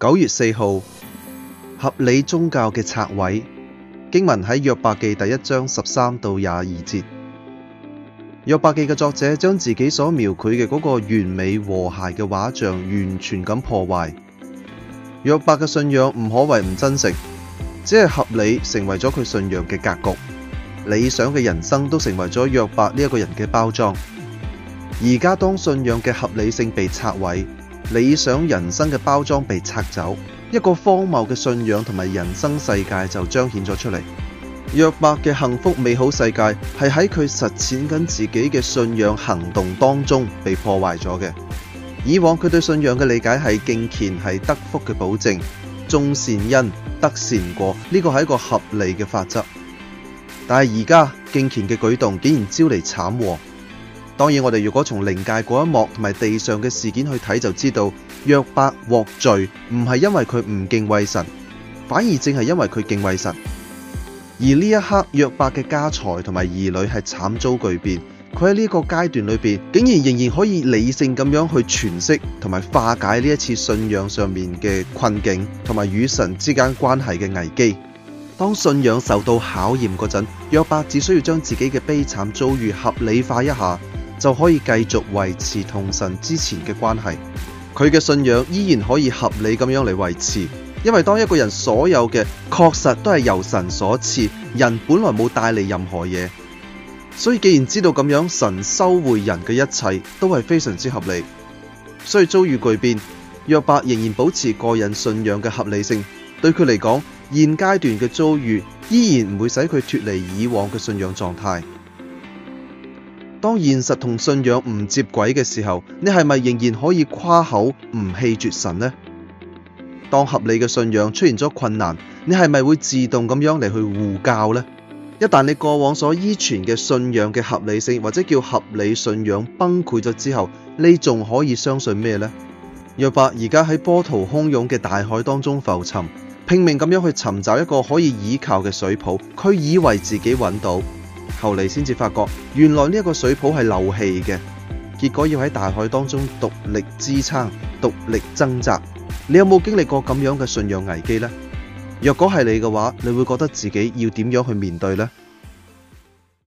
九月四號，合理宗教嘅拆毀。經文喺約伯記第一章十三到廿二節。約伯記嘅作者將自己所描繪嘅嗰個完美和諧嘅畫像完全咁破壞。約伯嘅信仰唔可謂唔真誠，只係合理成為咗佢信仰嘅格局。理想嘅人生都成為咗約伯呢一個人嘅包裝。而家當信仰嘅合理性被拆毀。理想人生嘅包裝被拆走，一個荒謬嘅信仰同埋人生世界就彰顯咗出嚟。約伯嘅幸福美好世界係喺佢實踐緊自己嘅信仰行動當中被破壞咗嘅。以往佢對信仰嘅理解係敬虔係得福嘅保證，種善因得善果，呢個係一個合理嘅法則。但係而家敬虔嘅舉動竟然招嚟慘禍。當然，我哋如果從靈界嗰一幕同埋地上嘅事件去睇，就知道約伯獲罪唔係因為佢唔敬畏神，反而正係因為佢敬畏神。而呢一刻，約伯嘅家財同埋兒女係慘遭巨變，佢喺呢個階段裏面竟然仍然可以理性咁樣去詮釋同埋化解呢一次信仰上面嘅困境，同埋與神之間關係嘅危機。當信仰受到考驗嗰陣，約伯只需要將自己嘅悲慘遭遇合理化一下，就可以繼續維持同神之前嘅關係，佢嘅信仰依然可以合理咁樣嚟維持，因為當一個人所有嘅確實都係由神所賜，人本來冇帶嚟任何嘢，所以既然知道咁樣，神收回人嘅一切都係非常之合理，所以遭遇巨變，約伯仍然保持個人信仰嘅合理性，對佢嚟講，現階段嘅遭遇依然唔會使佢脫離以往嘅信仰狀態。當現實同信仰唔接軌嘅時候，你係咪仍然可以誇口唔棄絕神呢？當合理嘅信仰出現咗困難，你係咪會自動咁樣嚟去護教呢？一旦你過往所依存嘅信仰嘅合理性或者叫合理信仰崩潰咗之後，你仲可以相信咩呢？約伯而家喺波濤洶湧嘅大海當中浮沉，拼命咁樣去尋找一個可以倚靠嘅水泡，佢以為自己揾到。後嚟先至發覺，原來呢一個水泡係漏氣嘅，結果要喺大海當中獨力支撐、獨力掙扎。你有冇經歷過咁樣嘅信仰危機呢？若果係你嘅話，你會覺得自己要點樣去面對呢？